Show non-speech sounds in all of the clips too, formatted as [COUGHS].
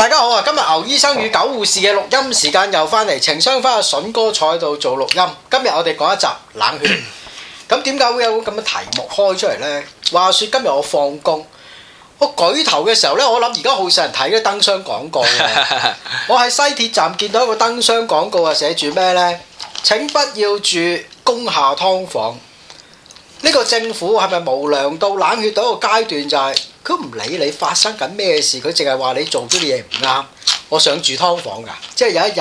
大家好啊！今日牛醫生與狗護士嘅錄音時間又返嚟，情商返阿筍哥坐喺度做錄音。今日我哋講一集冷血。咁點解會有咁嘅題目開出嚟呢？話說今日我放工，我舉頭嘅時候呢，我諗而家好少人睇啲燈箱廣告。 [LAUGHS] 我喺西鐵站見到一個燈箱廣告啊，寫住咩呢？「請不要住工廈劏房。呢、這個政府係咪無良到冷血到一個階段就係、是？佢唔理你發生緊咩事，佢淨係話你做啲嘢唔啱。我想住劏房㗎，即係有一日，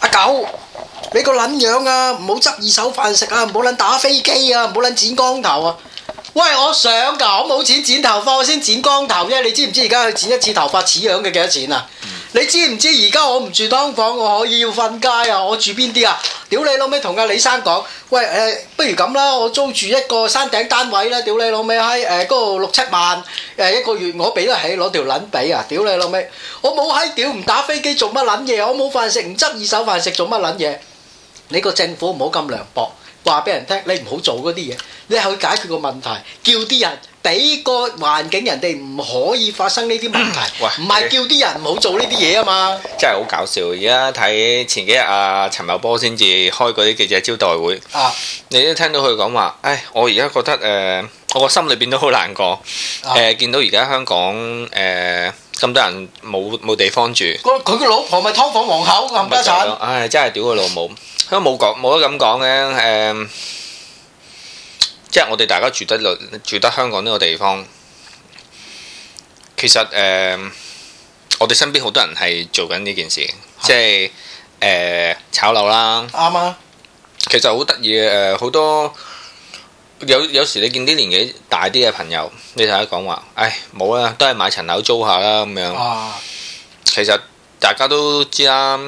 阿狗，你個撚樣啊！唔好執二手飯食啊！唔好撚打飛機啊！唔好撚剪光頭啊！喂，我想㗎，我冇錢剪，剪頭髮，我先剪光頭啫，你知唔知而家去剪一次頭髮似樣嘅幾多錢啊？你知唔知而家我唔住劏房，我可以要瞓街啊！我住邊啲啊？屌你老味！同阿李生講，喂誒、呃，不如咁啦，我租住一個山頂單位啦！屌你老味，喺誒，嗰度六七萬誒一個月，我俾得起，攞條捻俾啊！屌你老味，我冇閪屌，唔打飛機做乜捻嘢？我冇飯食，唔執二手飯食做乜捻嘢？你個政府唔好咁涼薄，話俾人聽，你唔好做嗰啲嘢。你去解決個問題，叫啲人俾個環境，人哋唔可以發生呢啲問題，唔係叫啲人唔好做呢啲嘢啊嘛。真係好搞笑，而家睇前幾日阿陳茂波先至開嗰啲記者招待會。啊，你都聽到佢講話，誒，我而家覺得誒，我個心裏邊都好難過，誒，見到而家香港誒咁多人冇冇地方住。個佢個老婆咪劏房皇后冚家產，唉，真係屌佢老母，佢冇講冇得咁講嘅誒。即係我哋大家住得住得香港呢個地方，其實誒、呃，我哋身邊好多人係做緊呢件事，的即係、呃、炒樓啦。啱啊吧！其實好得意嘅好多有有時你見啲年紀大啲嘅朋友，你睇佢講話，唉，冇啦，都係買層樓租下啦咁樣。啊、其實大家都知啦。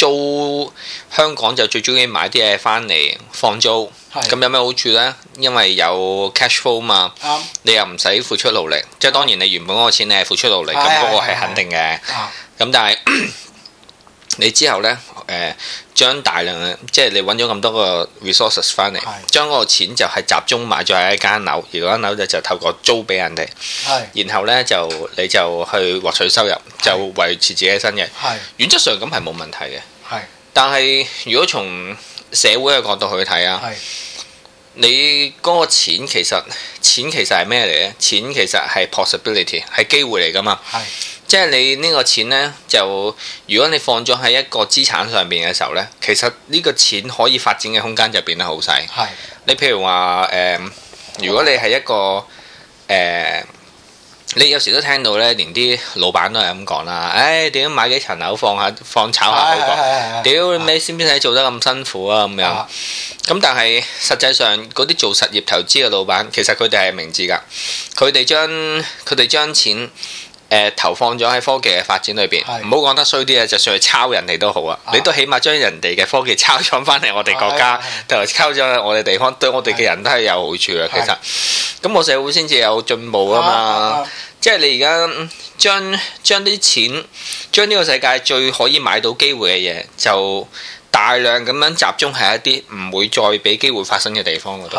租香港就最中意買啲嘢返嚟放租，咁的有咩好處呢？因為有 cash flow 嘛，的你又唔使付出勞力，的即係當然你原本嗰個錢你係付出勞力，咁嗰的個係肯定嘅。咁的但係的 [COUGHS] 你之後呢？誒、呃。將大量嘅，即係你揾咗咁多個 resources 翻嚟，是的 將嗰個錢就係集中買咗喺一間樓，而嗰間樓就就透過租俾人哋，是的 然後呢，就你就去獲取收入，是的 就維持自己嘅生意。是的 原則上咁係冇問題嘅。是的 但係如果從社會嘅角度去睇啊，是的 你嗰個錢其實錢其實係咩嚟咧？錢其實係 possibility，係機會嚟噶嘛。即係你呢個錢呢，就如果你放咗喺一個資產上邊嘅時候呢，其實呢個錢可以發展嘅空間就變得好細。的你譬如話誒、呃，如果你係一個誒、呃，你有時都聽到呢，連啲老闆都係咁講啦。誒、哎，點樣買幾層樓放下放炒下好過，屌你咩先邊使做得咁辛苦啊？咁樣咁，的但係實際上嗰啲做實業投資嘅老闆，其實佢哋係明智噶，佢哋將佢哋將錢。誒投放咗喺科技嘅發展裏邊，唔好講得衰啲啊，就算係抄人哋都好啊，你都起碼將人哋嘅科技抄咗翻嚟我哋國家，同埋抄咗我哋地方，對我哋嘅人都係有好處啊！是其實，咁是個社會先至有進步啊嘛，啊即係你而家將將啲錢，將呢個世界最可以買到機會嘅嘢，就大量咁樣集中喺一啲唔會再俾機會發生嘅地方嗰度。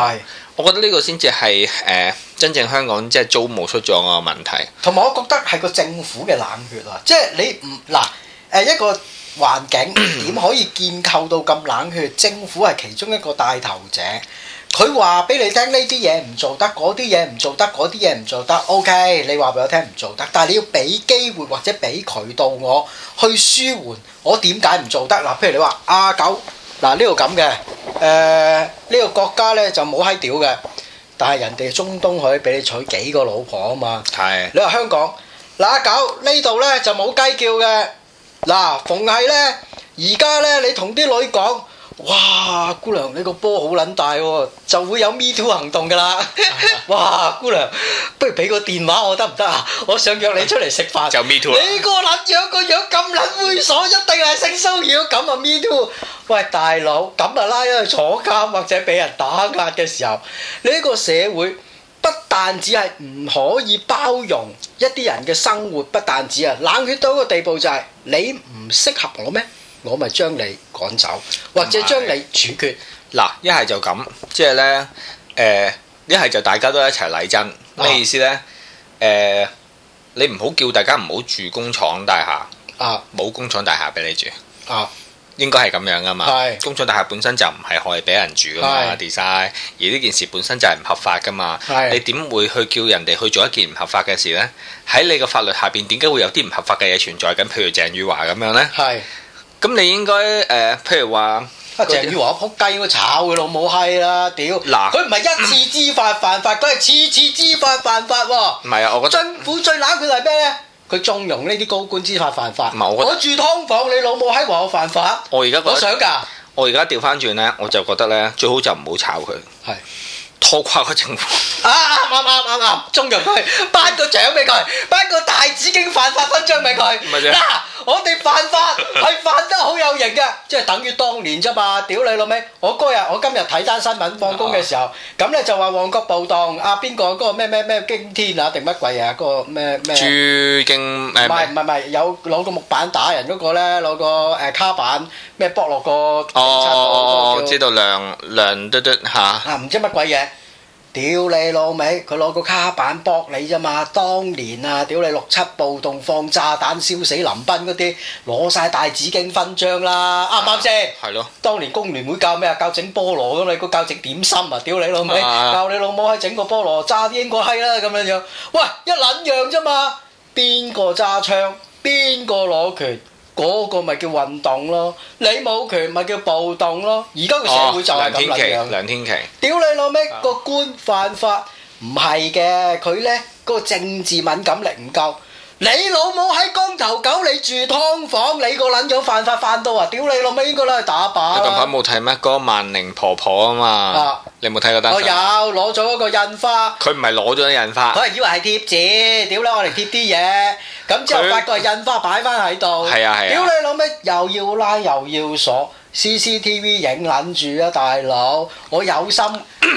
我覺得呢個先至係誒真正香港即係租務出咗個問題，同埋我覺得係個政府嘅冷血啊！即係你唔嗱誒一個環境點可以建構到咁冷血？政府係其中一個帶頭者，佢話俾你聽呢啲嘢唔做得，嗰啲嘢唔做得，嗰啲嘢唔做得。OK，你話俾我聽唔做得，但係你要俾機會或者俾渠道我去舒緩，我點解唔做得嗱？譬如你話阿九。啊嗱呢度咁嘅，誒呢、呃、這個國家咧就冇閪屌嘅，但係人哋中東可以俾你娶幾個老婆啊嘛。係是。你話香港，嗱阿狗呢度咧就冇雞叫嘅。嗱、啊，逢係咧而家咧你同啲女講，哇姑娘你個波好撚大喎、啊，就會有 me too 行動㗎啦。 [LAUGHS] 哇姑娘。不如俾個電話我得唔得啊？我想約你出嚟食飯。就 me too 啦。你個撚樣個樣咁撚猥瑣，一定係性騷擾咁啊！me too。喂，大佬咁啊，拉去坐監或者俾人打壓嘅時候，呢、呢個社會不但只係唔可以包容一啲人嘅生活，不但止啊冷血到個地步就係你唔適合我咩？我咪將你趕走，是或者將你處決嗱。一係就咁，即係呢，一、呃、係就大家都一齊嚟真。咩意思咧？誒、呃，你唔好叫大家唔好住工廠大廈，冇、啊、工廠大廈俾你住，啊、應該係咁樣噶嘛？係工廠大廈本身就唔係可以俾人住噶嘛？design 係而呢件事本身就係唔合法噶嘛？係你點會去叫人哋去做一件唔合法嘅事咧？喺你個法律下邊點解會有啲唔合法嘅嘢存在緊係、呃？譬如鄭宇華咁樣咧，咁你應該誒，譬如話。阿鄭若驊仆街，我炒佢老母閪啦屌！嗱喇，佢唔係一次知法犯法，佢係、嗯、次次知法犯法喎、啊。唔係啊，我覺得政府最揦佢係咩咧？佢縱容呢啲高官知法犯法。唔係我覺得，我住劏房，你老母閪話我犯法。我而家覺得，我想噶。我而家調翻轉咧，我就覺得咧，最好就唔好炒佢。係。拖垮嘅政府，啊啊啱啱啱啱，中人佢，頒個獎俾佢，頒個大紫荊犯法勳章俾佢。唔係嗱，我哋犯法係犯得好有型嘅，即係等於當年啫嘛。屌你老味，我今日我今日睇單新聞放工嘅時候，咁咧就話旺角暴動，啊邊個嗰個咩咩咩驚天啊定乜鬼啊嗰個咩咩？朱經誒。唔係唔係唔係，有攞個木板打人嗰個咧，攞個誒卡板咩剝落個。哦哦哦，我知道梁梁嘟嘟嚇。嚇唔、啊、知乜鬼嘢、啊。屌你老味，佢攞個卡板駁你啫嘛！當年啊，屌你六七暴動放炸彈燒死林彬嗰啲，攞晒大紫荊勳章啦，啱唔啱先？係 [COUGHS] 咯、啊， [COUGHS] 當年工聯會教咩啊？教整菠蘿咁你估教整點心啊！屌你老味， [COUGHS] 教你老母喺整個菠蘿揸啲英國閪啦咁樣樣。喂，一撚樣啫嘛，邊個揸槍，邊個攞拳？嗰個咪叫運動咯，你冇權咪叫暴動咯，而家個社會就係咁樣。梁、哦、天琦，梁天琦，屌你老咩？啊、個官犯法唔係嘅，佢呢嗰、那個政治敏感力唔夠。你老母喺光頭狗，你住劏房，你個捻咗犯法犯到啊！屌你老味，應該攞去打靶。你近排冇睇咩？嗰、嗰個萬寧婆婆啊嘛，啊你過有冇睇個單？我有攞咗嗰個印花，佢唔係攞咗啲印花，佢係以為係貼紙。屌啦，我嚟貼啲嘢，咁之後發覺係印花擺翻喺度，啊啊、屌你老味，又要拉又要鎖。CCTV 影撚住啊大佬！我有心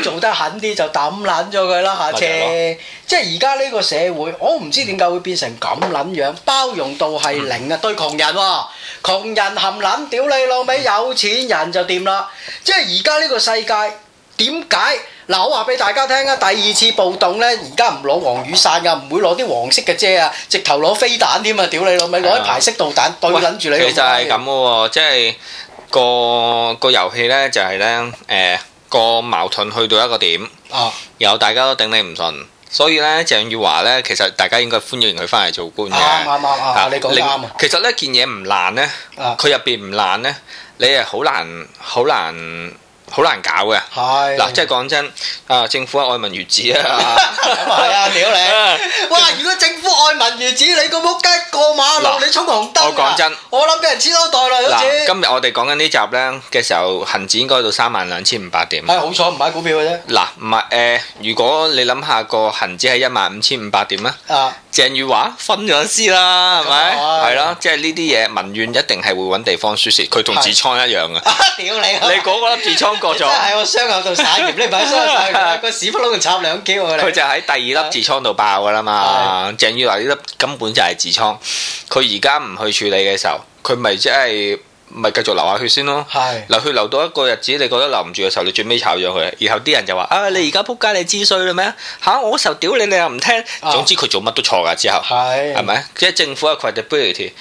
做得狠啲，就抌撚咗佢啦，下次，即係而家呢個社會，我唔知點解會變成咁撚樣，包容度係零啊！嗯、對窮人喎、啊，窮人含撚，屌你老味，嗯、有錢人就掂啦。即係而家呢個世界點解嗱？我話俾大家聽啊，第二次暴動呢，而家唔攞黃雨傘㗎、啊，唔會攞啲黃色嘅遮啊，直頭攞飛彈添啊！屌你老味，攞的一排色導彈對撚住你。喂其實係咁喎，即係。個個遊戲咧就係咧，誒個矛盾去到一個點，然後大家都頂你唔順，所以咧鄭耀華咧，其實大家應該歡迎佢翻嚟做官嘅。啱啱啱啊！你講得啱啊！其實呢件嘢唔爛咧，佢入邊唔爛咧，你係好難、好難、好難搞嘅。係嗱，即係講真，啊政府愛民如子啊，係啊，屌你！政府愛民如子，你個屋雞過馬路，你衝紅燈啊！我講真，我諗俾人黐多袋啦。嗱，今日我哋講緊呢集咧嘅時候，恒指應該到三萬兩千五百點。係好彩唔買股票嘅啫。嗱，唔係誒，如果你諗下個恒指係一萬五千五百點啊，鄭裕華分咗司啦，係咪？係咯，即係呢啲嘢民怨一定係會揾地方宣泄，佢同痔瘡一樣啊，屌你！你嗰粒痔瘡過咗，真係我傷口度散炎，你唔係雙個屎窟窿插兩蕉㗎。佢就喺第二粒痔瘡度爆㗎啦嘛。鄭裕華呢粒根本就係痔瘡，佢而家唔去處理嘅時候，佢咪即係咪繼續流下血先咯？係是流血流到一個日子，你覺得留唔住嘅時候，你最尾炒咗佢。然後啲人就話：，啊，你而家仆街，你知衰啦咩？吓、啊，我嗰時候屌你，你又唔聽。總之佢做乜都錯噶。之後係咪？即係、啊就是、政府嘅 credibility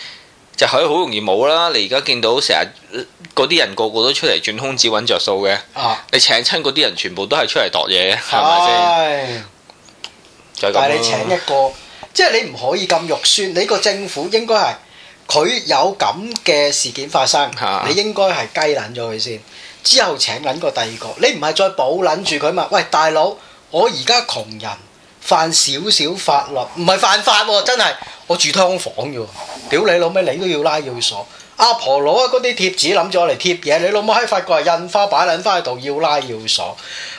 就係好容易冇啦。你而家見到成日嗰啲人個個都出嚟，轉空子揾着數嘅。啊、你請親嗰啲人，全部都係出嚟度嘢，係咪先？但係你請一個。即係你唔可以咁肉酸，你個政府應該係佢有咁嘅事件發生，啊、你應該係雞攆咗佢先，之後請揾個第二個，你唔係再保撚住佢嘛？喂，大佬，我而家窮人犯少少法律，唔係犯法喎、啊，真係，我住劏房嘅喎，屌你老味，你都要拉入去鎖。阿、啊、婆攞啊嗰啲貼紙諗住攞嚟貼嘢，你老母閪發覺係印花擺撚翻喺度要拉要鎖。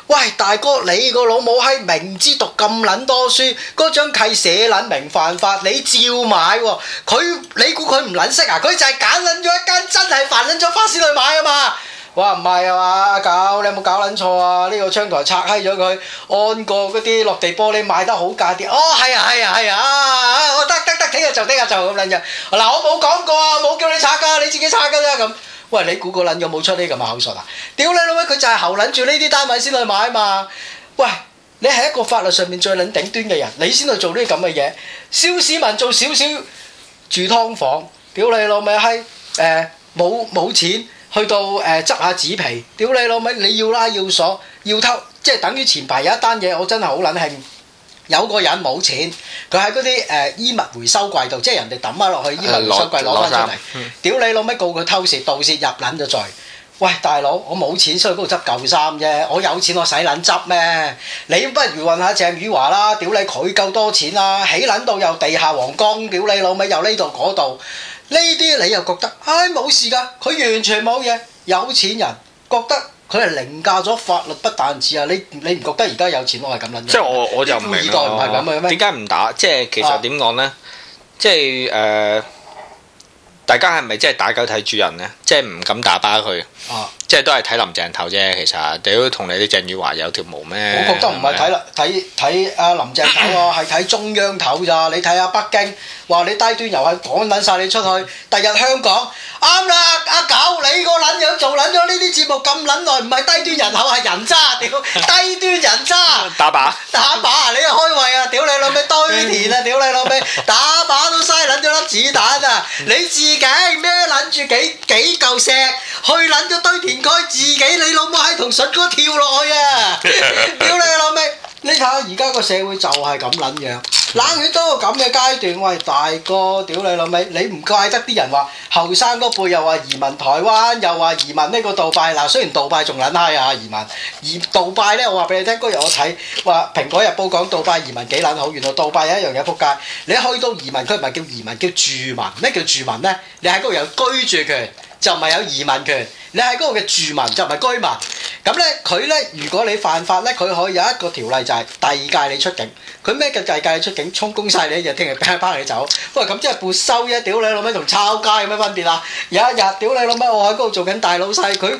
喂大哥，你個老母閪明知讀咁撚多書，嗰張契寫撚明犯法，你照買喎、啊。佢你估佢唔撚識啊？佢就係揀撚咗一間真係犯撚咗法事去買啊嘛。哇唔係啊嘛，阿狗你有冇搞撚錯啊？呢、這個窗台拆閪咗佢，安過嗰啲落地玻璃賣得好價啲。哦係啊係啊係啊！就啲日就咁撚嘢，嗱、 [MUSIC] 嗯、我冇講過啊，冇叫你拆噶，你自己拆噶啦咁。喂，你估個撚有冇出呢咁嘅口述啊？屌你老味，佢就係喉撚住呢啲單位先去買嘛。喂，你係一個法律上面最撚頂端嘅人，你先去做呢啲咁嘅嘢。小市民做少少住劏房，屌你老味閪，誒冇冇錢去到誒執下紙皮，屌你老味你要拉要鎖要偷，即係等於前排有一單嘢，我真係好撚興。有個人冇錢，佢喺嗰啲誒衣物回收櫃度，即係人哋抌咗落去衣物回收櫃攞翻出嚟，屌、嗯、你老味告佢偷竊盜竊入撚就罪。喂，大佬，我冇錢，所以嗰度執舊衫啫。我有錢，我使撚執咩？你不如問下鄭宇華啦，屌你，佢夠多錢啦，啊，起撚到又地下皇宮，屌你老味又呢度嗰度，呢啲你又覺得唉冇、哎、事㗎，佢完全冇嘢。有錢人覺得。佢係凌駕咗法律，不但止啊！你，你唔覺得而家有錢，我係咁諗？即係我，我就唔明。二代點解唔打？即係其實點講呢？即係誒、呃，大家係咪即係打狗睇主人呢？即係唔敢打靶佢，即係都係睇林鄭頭啫。其實，屌同你啲鄭宇華有條毛咩？我覺得唔係睇啦，睇睇阿林鄭個頭係睇中央頭咋。你睇下北京，話你低端遊係趕撚曬你出去。第日香港啱啦，阿九你個撚樣做撚咗呢啲節目咁撚耐，唔係低端人口係人渣，屌低端人渣。打靶打靶啊！你開胃啊！屌你老味堆填啊！屌你老味打靶都嘥撚咗粒子彈啊！你自己咩撚住幾幾？嚿石去撚咗堆填區，自己你老母喺同筍哥跳落去啊！屌 [LAUGHS] [LAUGHS] 你老味！你睇下而家個社會就係咁撚樣，冷血到咁嘅階段。喂，大哥，屌你老味！你唔怪得啲人話後生嗰輩又話移民台灣，又話移民呢個杜拜嗱。雖然杜拜仲撚嗨啊移民，而杜拜咧，我話俾你聽，嗰日我睇話《蘋果日報》講杜拜移民幾撚好，原來杜拜有一樣嘢撲街。你去到移民區唔係叫移民，叫住民。咩叫住民咧？你喺嗰度有居住權。就唔係有移民權，你係嗰度嘅住民就唔係居民。咁咧佢咧，如果你犯法咧，佢可以有一個條例就係第二屆你出境。佢咩叫第二屆你出境？衝攻曬你，就聽日啪返你走。喂，咁即係撥收啫，屌你老味，同抄家有咩分別啊？有一日，屌你老味，我喺嗰度做緊大老細，佢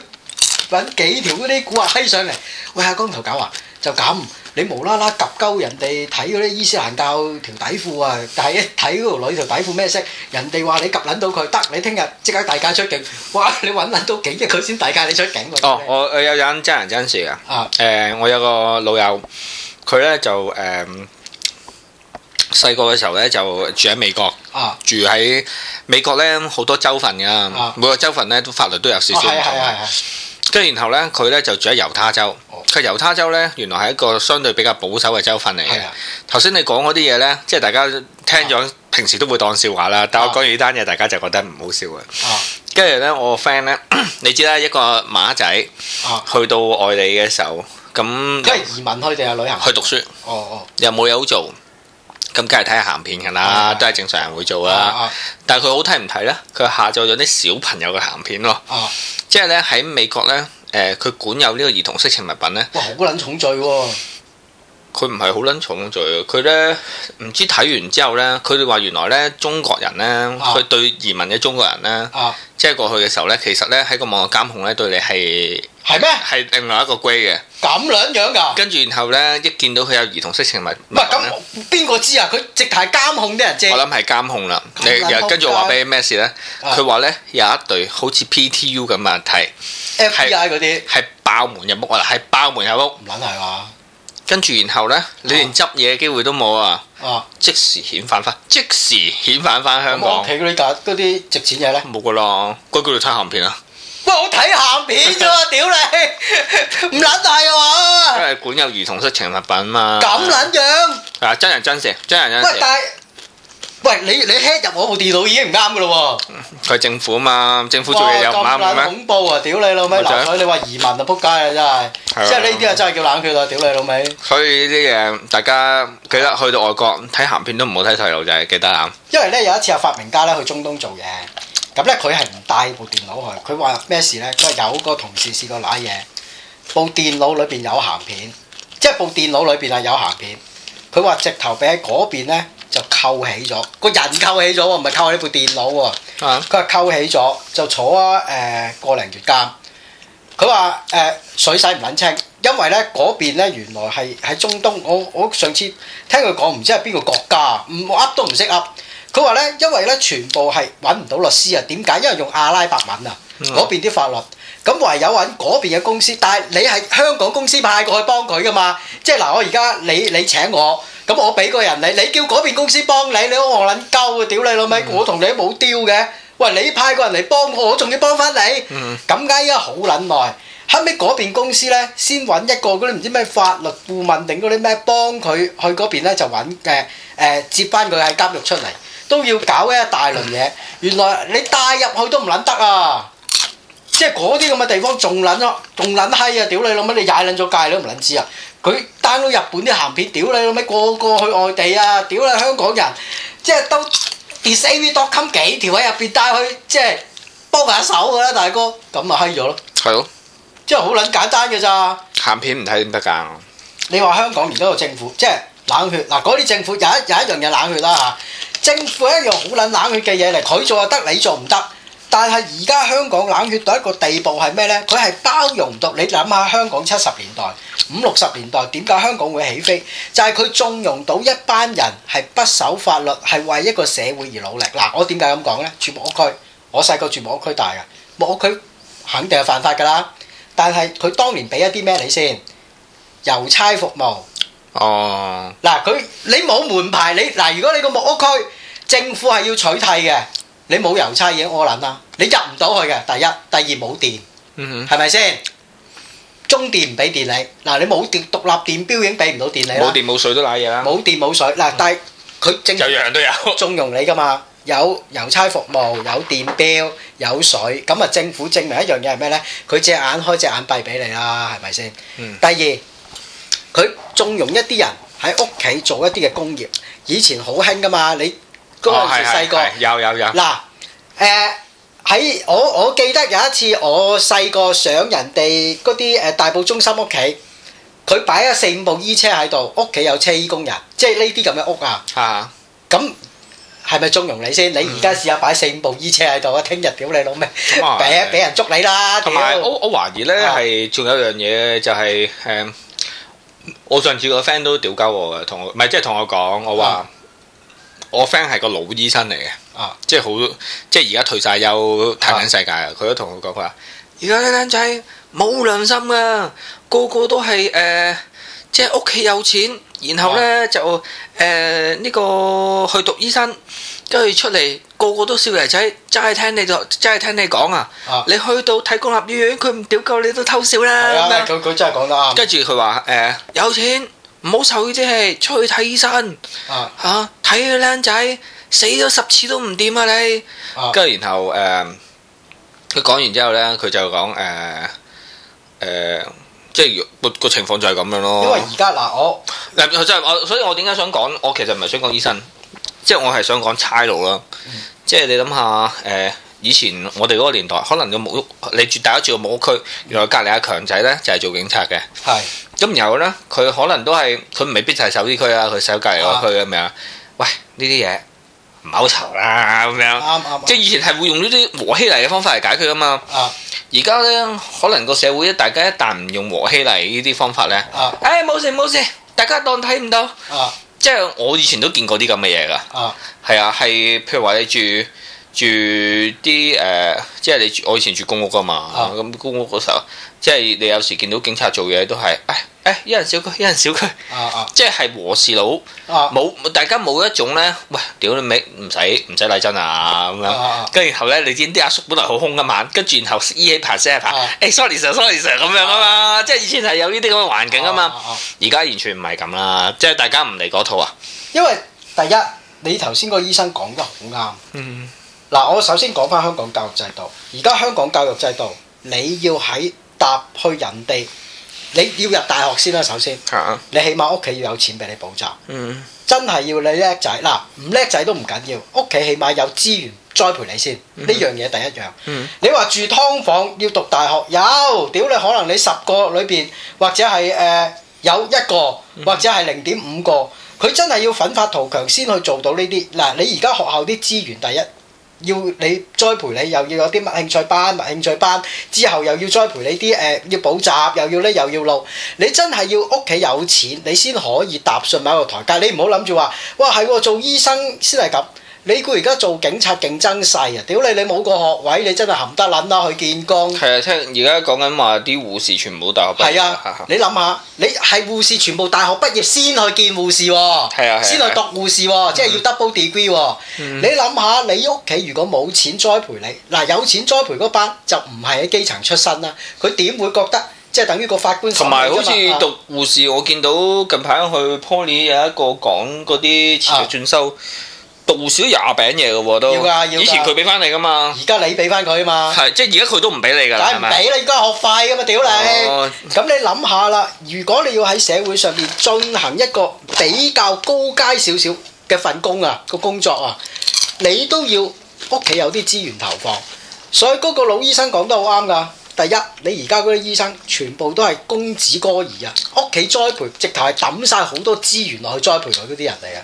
揾幾條嗰啲古惑仔上嚟，喂阿光頭狗啊，就咁。你無啦啦及鳩人哋睇嗰啲伊斯蘭教條底褲啊！但係一睇嗰條女條底褲咩色，人哋話你及撚到佢得，你聽日即刻遞解出境！哇，你揾撚到幾日佢先遞解你出境喎！哦，我有樣真人真事啊！誒、呃，我有個老友，佢咧就誒細個嘅時候咧就住喺美國，啊、住喺美國咧好多州份㗎，啊、每個州份咧都法律都有少少唔同。哦是跟住然後咧，佢咧就住喺猶他州。佢猶、哦、他州咧，原來係一個相對比較保守嘅州份嚟嘅。頭先的你講嗰啲嘢咧，即係大家聽咗，啊、平時都會當笑話啦。但我講完呢單嘢，大家就覺得唔好笑嘅。跟住咧，我個 friend 咧，你知啦，一個馬仔、啊、去到外地嘅時候，咁因為移民去定係旅行？去讀書。哦哦，又冇嘢好做。咁梗係睇下鹹片噶啦，的都係正常人會做啊！的但係佢好睇唔睇呢？佢下載咗啲小朋友嘅鹹片咯，的即係呢，喺美國呢，誒、呃、佢管有呢個兒童色情物品呢。哇，好撚重罪喎、啊！佢唔係好撚重罪，佢咧唔知睇完之後咧，佢哋話原來咧中國人咧，佢對移民嘅中國人咧，即係過去嘅時候咧，其實咧喺個網絡監控咧對你係係咩？係另外一個龜嘅咁兩樣噶。跟住然後咧，一見到佢有兒童色情物，唔係咁邊個知啊？佢直係監控啲人啫。我諗係監控啦。你跟住話俾你咩事咧？佢話咧有一對好似 PTU 咁嘅睇，題，FBI 啲係爆門入屋啦，係爆門入屋，撚係嘛？跟住然後呢，哦、你連執嘢嘅機會都冇啊、哦！即時遣返翻，即時遣返翻香港。嗯、我睇嗰啲嗰啲值錢嘢呢，冇噶咯，乖乖哋睇鹹片啊！喂，我睇鹹片啫 [LAUGHS] 屌你，唔撚大啊！因為管有兒童色情物品嘛？咁撚樣？啊，真人真事，真人真事。喂，你你 hack 入我部電腦已經唔啱嘅咯喎！佢政府啊嘛，政府做嘢又唔啱嘅咩？恐怖啊！屌你老味！南海你話移民就撲街啦，真係！即係呢啲啊，真係叫冷血啊！屌你老味！所以呢啲嘢，大家記得去到外國睇鹹片都唔好睇細路仔，記得啊！因為咧有一次啊，發明家咧去中東做嘢，咁咧佢係唔帶部電腦去。佢話咩事咧？即係有個同事試過瀨嘢，部電腦裏邊有鹹片，即係部電腦裏邊啊有鹹片。佢話直頭俾喺嗰邊咧。就扣起咗，個人扣起咗喎，唔係扣起部電腦喎、啊。佢話、啊、扣起咗就坐啊誒個零月監。佢話誒水洗唔撚清，因為咧嗰邊咧原來係喺中東。我我上次聽佢講唔知係邊個國家，唔噏都唔識噏，佢話咧因為咧全部係揾唔到律師啊，點解？因為用阿拉伯文啊，嗰、嗯、邊啲法律。咁唯有揾嗰邊嘅公司，但係你係香港公司派過去幫佢㗎嘛？即係嗱，我而家你你請我。咁我俾個人你，你叫嗰邊公司幫你，你我撚鳩啊，屌你老味，我同你冇丟嘅。喂，你派個人嚟幫我，我仲要幫翻你，咁解而家好撚耐。後尾嗰邊公司咧，先揾一個嗰啲唔知咩法律顧問定嗰啲咩幫佢去嗰邊咧，就揾嘅，誒接翻佢喺監獄出嚟，都要搞一大輪嘢。原來你帶入去都唔撚得啊，即係嗰啲咁嘅地方仲撚咯，仲撚閪啊！屌你老味，你踩撚咗界都唔撚知啊！佢 download 日本啲鹹片，屌你老味，個個去外地啊！屌你，香港人即係都 discovery.com 幾條喺入邊帶去，即係幫下手㗎啦，大哥咁啊閪咗咯。係咯，即係好撚簡單嘅咋。鹹片唔睇點得㗎？你話香港而家個政府即係冷血嗱，嗰啲政府有一有一樣嘢冷血啦嚇。政府一樣好撚冷血嘅嘢嚟，佢做就得，你做唔得。但係而家香港冷血到一個地步係咩咧？佢係包容到你諗下香港七十年代。五六十年代點解香港會起飛？就係佢縱容到一班人係不守法律，係為一個社會而努力。嗱，我點解咁講咧？住木屋區，我細個住木屋區大嘅木屋區，肯定係犯法噶啦。但係佢當年俾一啲咩你先？郵差服務哦。嗱，佢你冇門牌，你嗱，如果你個木屋區政府係要取替嘅，你冇郵差已經我諗啦，你入唔到去嘅。第一，第二冇電，嗯哼，係咪先？中電唔俾電你，嗱，你冇電獨立電表已經俾唔到電你啦。冇電冇水都瀨嘢啊！冇電冇水，嗱，但係佢正常都有縱容你噶嘛，有郵差服務，有電表，有水，咁啊政府證明一樣嘢係咩咧？佢隻眼開隻眼閉俾你啦，係咪先？第二，佢縱容一啲人喺屋企做一啲嘅工業，以前好興噶嘛，你嗰陣時細個有有有嗱誒。喺我我記得有一次我細個上人哋嗰啲誒，大埔中心屋企，佢擺咗四五部衣車喺度，屋企有車衣工人，即係呢啲咁嘅屋啊。吓，咁係咪縱容你先？你而家試下擺四五部衣車喺度啊！聽日屌你老味，俾啊俾人捉你啦！同埋我我懷疑咧，係仲有一樣嘢就係誒，我上次個 friend 都屌鳩我㗎，同我唔係即係同我講，我話我 friend 係個老醫生嚟嘅。啊！即係好，即係而家退晒休，太緊世界啊！佢都同我講，佢話而家啲僆仔冇良心噶，個個都係誒，即係屋企有錢，然後咧、啊、就誒呢、呃這個去讀醫生，跟住出嚟個個都笑嚟仔，真係聽你個，真係聽你講啊！你去到睇公立醫院，佢唔屌夠你都偷笑啦！佢佢、啊樣啊、真係講得啱。跟住佢話誒，有錢唔好受佢啲氣，出去睇醫生啊睇佢僆仔。死咗十次都唔掂啊！你，跟住、啊、然後誒，佢、呃、講完之後咧，佢就講誒，誒、呃呃，即係、這個情況就係咁樣咯。因為而家嗱，我嗱真係我，所以我點解想講？我其實唔係想講醫生，即係我係想講差佬啦。嗯、即係你諗下，誒、呃，以前我哋嗰個年代，可能你冇屋，你住大家住個木屋區，原來隔籬阿強仔咧就係、是、做警察嘅。係咁然後咧，佢可能都係佢未必就係守啲區，守醫區，守醫區啊，佢守隔籬個區嘅咁樣，喂，呢啲嘢。冇仇啦咁樣，即係、嗯嗯、以前係會用呢啲和稀泥嘅方法嚟解決啊嘛。而家咧可能個社會，大家一旦唔用和稀泥呢啲方法咧，誒冇、啊哎、事冇事，大家當睇唔到。啊、即係我以前都見過啲咁嘅嘢噶，係啊，係、啊、譬如話你住住啲誒、呃，即係你住我以前住公屋啊嘛，咁、啊、公屋嗰時候，即係你有時見到警察做嘢都係。誒、哎，一人小區，一人小區，啊啊即係和事佬，冇、啊啊、大家冇一種咧，喂，屌你咪唔使唔使禮真啊咁樣，跟住、啊啊、後咧，你知啲阿叔本來好兇㗎嘛。跟住然後依起排，升起排，誒、啊啊欸、sorry sir，sorry sir 咁 sir, 樣啊嘛，即係以前係有呢啲咁嘅環境啊嘛，而家完全唔係咁啦，即係大家唔嚟嗰套啊，因為第一，你頭先個醫生講得好啱，嗱、嗯嗯，我首先講翻香港教育制度，而家香港教育制度，你要喺搭去人哋。你要入大學先啦，首先，啊、你起碼屋企要有錢俾你補習，嗯、真係要你叻仔，嗱唔叻仔都唔緊要，屋企起碼有資源栽培你先，呢、嗯、樣嘢第一樣。嗯、你話住劏房要讀大學有，屌你可能你十個裏邊或者係誒、呃、有一個或者係零點五個，佢真係要奮發圖強先去做到呢啲。嗱，你而家學校啲資源第一。要你栽培你，又要有啲乜興趣班、乜興趣班，之後又要栽培你啲誒、呃，要補習，又要咧，又要錄。你真係要屋企有錢，你先可以踏進某個台階。你唔好諗住話，哇係做醫生先係咁。你估而家做警察競爭細啊！屌你，你冇個學位，你真係含得撚啦去見工，係啊，聽而家講緊話啲護士全部大學畢業。係啊，你諗下，你係護士全部大學畢業先去見護士喎，先去讀護士喎，嗯、即係要 double degree 喎、嗯。你諗下，你屋企如果冇錢栽培你，嗱，有錢栽培嗰班就唔係喺基層出身啦，佢點會覺得即係等於個法官同埋好似讀護士，啊、我見到近排去 Poly 有一個講嗰啲持續進修。啊讀少廿餅嘢嘅喎都，要要以前佢俾翻你噶嘛，而家你俾翻佢啊嘛，係即係而家佢都唔俾你噶，梗係唔俾你，依家吧學費啊嘛，屌你！咁、哦、你諗下啦，如果你要喺社會上面進行一個比較高階少少嘅份工啊，個工作啊，你都要屋企有啲資源投放，所以嗰個老醫生講得好啱噶，第一你而家嗰啲醫生全部都係公子哥兒啊，屋企栽培，直頭係揼晒好多資源落去栽培佢嗰啲人嚟嘅。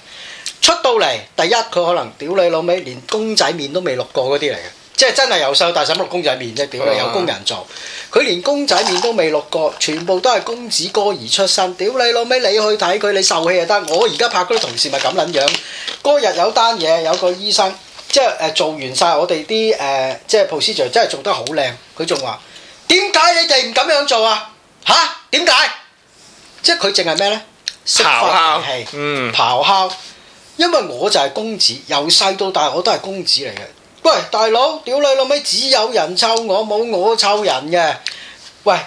出到嚟，第一佢可能屌你老味，連公仔麵都未錄過嗰啲嚟嘅，即係真係由細到大但係使乜錄公仔麵即啫。 [MUSIC] 屌你，有工人做，佢連公仔麵都未錄過，全部都係公子哥兒出身。屌你老味，你去睇佢，你受氣啊得。我而家拍嗰啲同事咪咁撚樣。嗰日有單嘢，有個醫生即係誒、呃、做完晒我哋啲誒，即係 procedure 真係做得好靚。佢仲話：點解你哋唔咁樣做啊？吓？點解？即係佢淨係咩咧？識發氣，嗯，咆哮。因為我就係公子，由細到大我都係公子嚟嘅。喂，大佬，屌你老味，只有人湊我，冇我湊人嘅。喂，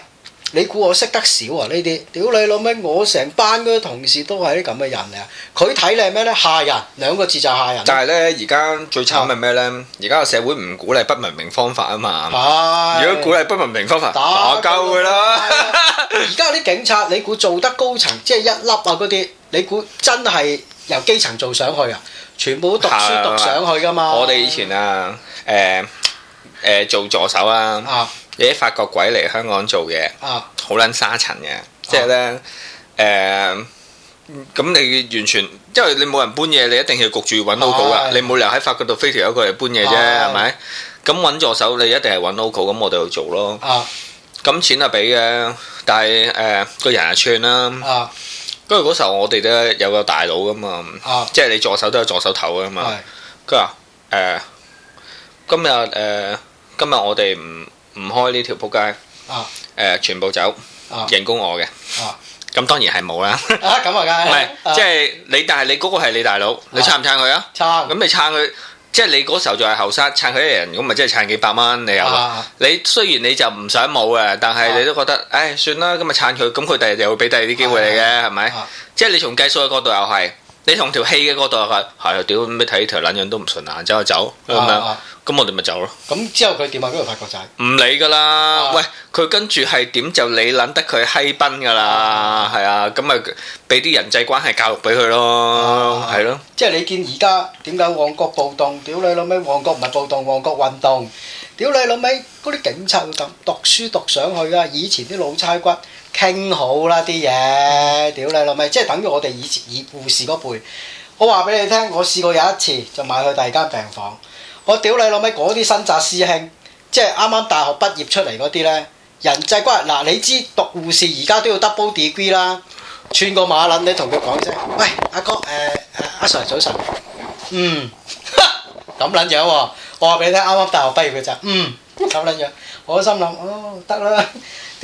你估我識得少啊？呢啲，屌你老味，我成班嗰啲同事都係啲咁嘅人嚟啊！佢睇你係咩咧？下人，兩個字就係下人。但係咧，而家最慘係咩咧？而家個社會唔鼓勵不文明方法啊嘛。係唉，如果鼓勵不文明方法，打交嘅啦。而家啲警察，你估做得高層，即係一粒啊嗰啲，你估真係？由基層做上去啊，全部讀書讀上去噶嘛。我哋以前啊，誒誒做助手啊，你喺法國鬼嚟香港做嘢，好捻沙塵嘅，即係咧誒，咁你完全，因為你冇人搬嘢，你一定要焗住揾 local 噶，你冇理由喺法國度飛條友過嚟搬嘢啫，係咪？咁揾助手你一定係揾 local，咁我哋去做咯。咁錢啊俾嘅，但係誒個人啊串啦。跟住嗰時候，我哋都有個大佬噶嘛，啊、即係你助手都有助手頭噶嘛。佢話是：誒、呃，今日誒、呃，今日我哋唔唔開呢條扑街，誒、啊呃，全部走，啊、認供我嘅。咁、啊、當然係冇啦。唔係，即係你，但係你嗰個係你，你大佬，你撐唔撐佢啊？撐、啊。咁撐你撐佢。即係你嗰時候仲係後生，撐佢一人，咁咪即係撐幾百蚊、啊、你有。你雖然你就唔想冇啊，但係你都覺得，唉、啊哎，算啦，咁咪撐佢，咁佢第日又會俾第二啲機會你嘅，係咪？即係你從計數嘅角度又係。你同條氣嘅角度係，係啊屌咩睇條撚樣都唔順眼，走就走咁樣，咁我哋咪走咯。咁之後佢點啊？嗰度法國仔唔理噶啦，喂，佢跟住係點就你捻得佢閪奔噶啦，係啊，咁咪俾啲人際關係教育俾佢咯，係咯。即係你見而家點解旺角暴動？屌你老味，旺角唔係暴動，旺角運動。屌你老味，嗰啲警察佢讀讀書讀上去啊，以前啲老差骨。傾好啦啲嘢，屌你老味，即係等於我哋以前以護士嗰輩。我話俾你聽，我試過有一次就買去第二間病房。我屌你老味，嗰啲新紮師兄，即係啱啱大學畢業出嚟嗰啲呢，人際關係嗱、啊，你知讀護士而家都要 double degree 啦，串個馬撚你同佢講聲，喂，阿哥，誒、呃、阿 Sir 早晨，嗯，嚇，咁撚樣喎。我話俾你聽，啱啱大學畢業嘅咋，嗯，咁撚樣。我心諗，哦，得啦。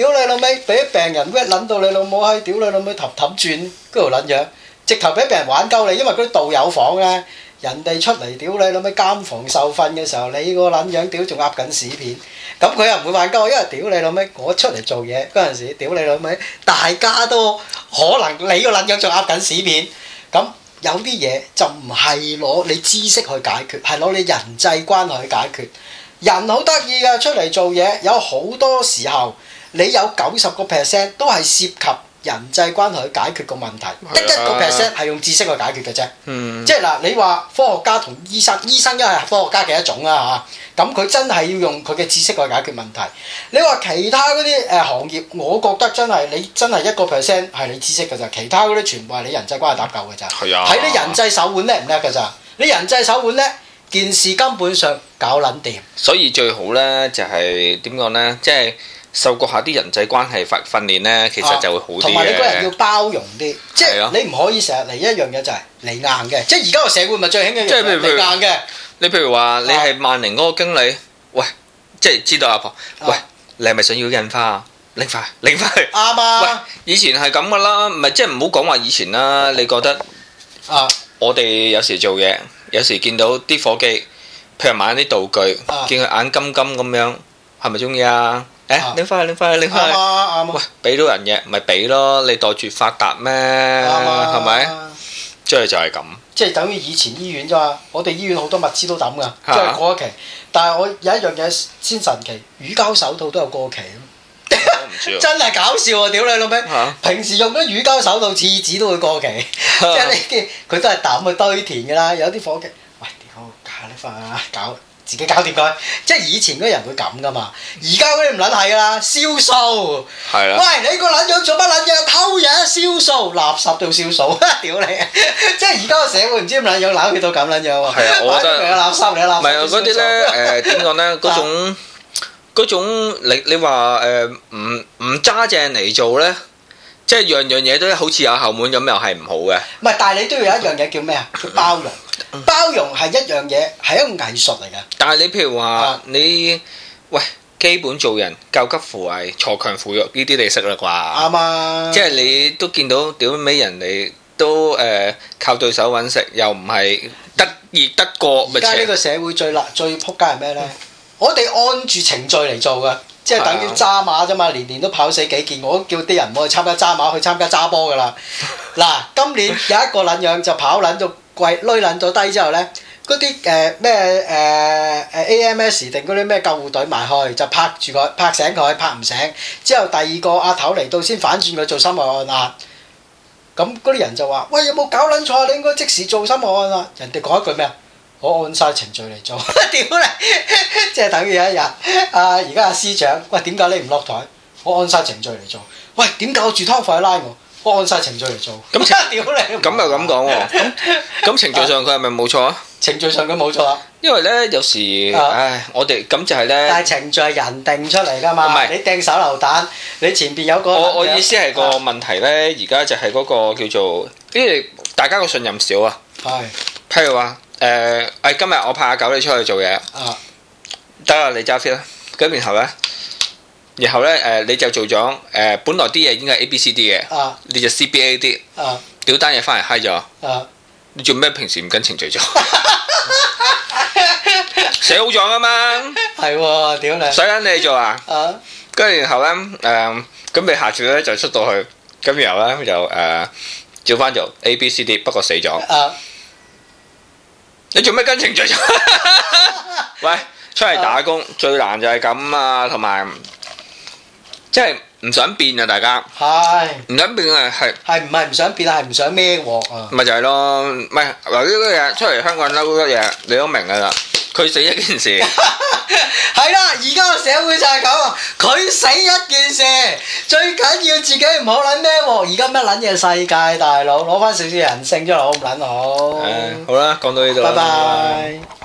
屌你老味，俾 [MUSIC] 病人嗰一撚到你老母閪，屌你老味，氹氹轉嗰條撚樣，直頭俾病人玩鳩你，因為佢道友房啊，人哋出嚟屌你老味監房受訓嘅時候，你個撚樣屌仲壓緊屎片，咁佢又唔會玩鳩我，因為屌你老味，我出嚟做嘢嗰陣時，屌你老味，大家都可能你個撚樣仲壓緊屎片，咁有啲嘢就唔係攞你知識去解決，係攞你人際關係去解決。人好得意㗎，出嚟做嘢有好多時候。你有九十個 percent 都係涉及人際關係去解決個問題，得一個 percent 係用知識去解決嘅啫。嗯，即係嗱，你話科學家同醫生，醫生因為係科學家嘅一種啦、啊、嚇。咁佢真係要用佢嘅知識去解決問題。你話其他嗰啲誒行業，我覺得真係你真係一個 percent 係你知識㗎咋，其他嗰啲全部係你人際關係搭救㗎咋。係啊，睇你人際手腕叻唔叻㗎咋？你人際手腕叻，件事根本上搞撚掂。所以最好咧就係點講咧，即係。受過下啲人際關係訓訓練咧，其實就會好啲嘅。同埋，啊、你個人要包容啲、啊就是，即係你唔可以成日嚟一樣嘢，就係嚟硬嘅。即係而家個社會咪最興嘅即係嚟硬嘅。你譬如話你係萬寧嗰個經理，啊、喂，即係知道阿婆、婆，啊、喂，你係咪想要印花、花、花、花啊？拎翻，拎翻去，啱啊。以前係咁噶啦，唔係即係唔好講話以前啦。你覺得啊？我哋有時做嘢，有時見到啲伙計，譬如買啲道具，見佢眼金金咁樣，係咪中意啊？誒，拎翻去，拎翻去，拎翻去。喂，俾到人嘅，咪俾咯，你袋住發達咩？啱啊，係咪？即係就係咁。即係等於以前醫院咋嘛？我哋醫院好多物資都抌噶，即係過期。但係我有一樣嘢先神奇，乳膠手套都有過期。我唔知。真係搞笑喎！屌你老味，平時用咗乳膠手套，廁紙都會過期，即係佢都係抌去堆填噶啦。有啲火機，喂，點解我搞呢份啊？搞。自己搞掂佢，即係以前嗰啲人會咁噶嘛？而家嗰啲唔撚係啦，銷數係啦。喂，你個撚樣做乜撚樣偷嘢，銷數垃圾到銷數，屌你！即係而家個社會唔知乜撚樣冷血到咁撚樣喎。係啊，我覺得係垃圾嚟，垃圾。唔係啊，嗰啲咧，誒點講咧？嗰種，嗰種你你話誒，唔唔揸正嚟做咧，即係樣樣嘢都好似有後門咁，又係唔好嘅。唔係，但係你都要有一樣嘢叫咩啊？佢包嘅。包容係一樣嘢，係一個藝術嚟嘅。但係你譬如話，你喂基本做人，救急扶危，鋤強扶弱，呢啲你識啦啩？啱啊吧！即係你都見到點樣咩人嚟都誒、呃、靠對手揾食，又唔係得意得過。而家呢個社會最辣、最仆街係咩咧？嗯、我哋按住程序嚟做嘅，即係等於揸馬啫嘛，年、嗯、年都跑死幾件，我都叫啲人唔好去參加揸馬，去參加揸波㗎啦。嗱， [LAUGHS] 今年有一個撚樣就跑撚咗。跪攰撚到低之後呢，嗰啲誒咩誒誒 AMS 定嗰啲咩救護隊埋去就拍住佢拍醒佢拍唔醒，之後第二個阿頭嚟到先反轉佢做心外按壓。咁嗰啲人就話：喂，有冇搞撚錯？你應該即時做心外按壓啊！」人哋講一句咩啊？我按晒程序嚟做。屌 [LAUGHS] 你樣呢！ [LAUGHS] 即係等於有一日，阿而家阿司長，喂，點解你唔落台？我按晒程序嚟做。喂，點解我住湯房去拉我？按晒程序嚟做，咁屌你，咁又咁講喎？咁程序上佢係咪冇錯啊？程序上佢冇錯啊？因為咧有時，唉，我哋咁就係咧，但係程序係人定出嚟噶嘛？唔係，你掟手榴彈，你前邊有個，我我意思係個問題咧，而家就係嗰個叫做，因為大家個信任少啊。係，譬如話，誒，誒，今日我派阿狗你出去做嘢，啊，得啦，你揸飛，跟住你好啦。然後咧，誒、呃，你就做咗，誒、呃，本來啲嘢應該係 A B C D 嘅，啊、你就 C B A D，屌、啊、單嘢翻嚟嗨咗，啊、你做咩平時唔跟程序做？寫好咗啊 [LAUGHS] 嘛，係喎、哦，屌你！使緊你做啊？跟住然後咧，誒、呃，咁你下次咧就出到去，跟住然後咧就誒，照、呃、翻做 A B C D，不過死咗，啊、你做咩跟程序做？ [LAUGHS] 喂，出嚟打工最難就係咁啊，同埋。即係唔想變啊！大家係唔是想變啊！係係唔係唔想變想啊？係唔想孭鑊啊？咪就係咯，咪嗱呢啲嘢出嚟香港人嬲呢啲嘢你都明噶啦。佢死一件事，係啦！ [LAUGHS] 而家個社會就係咁，佢死一件事，最緊要自己唔好諗咩禍。而家乜捻嘢世界，大佬攞翻少少人性出嚟好唔捻好？哎，好啦，講到呢度，拜拜。拜拜。